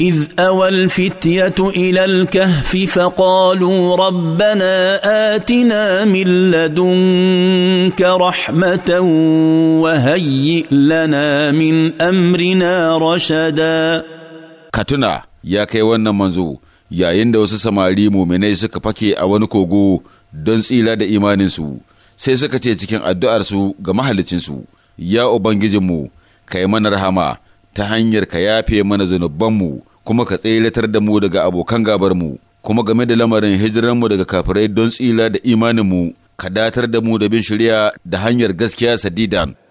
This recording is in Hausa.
اذ اوى الفتيه الى الكهف فقالوا ربنا اتنا من لدنك رحمه وهيئ لنا من امرنا رشدا كتنا يا كي wannan manzo yayin da wasu samari muminai suka fake a wani kogo don tsila da imaninsu sai suka ce cikin addu'arsu ga mahalicinsu ya ubangijinmu kai mana rahama ta hanyar ka yafe mana zunubanmu kuma ka tseratar da mu daga abokan gabarmu kuma game da lamarin mu daga kafirai don tsila da imaninmu ka datar da mu da bin shirya da hanyar gaskiya sadidan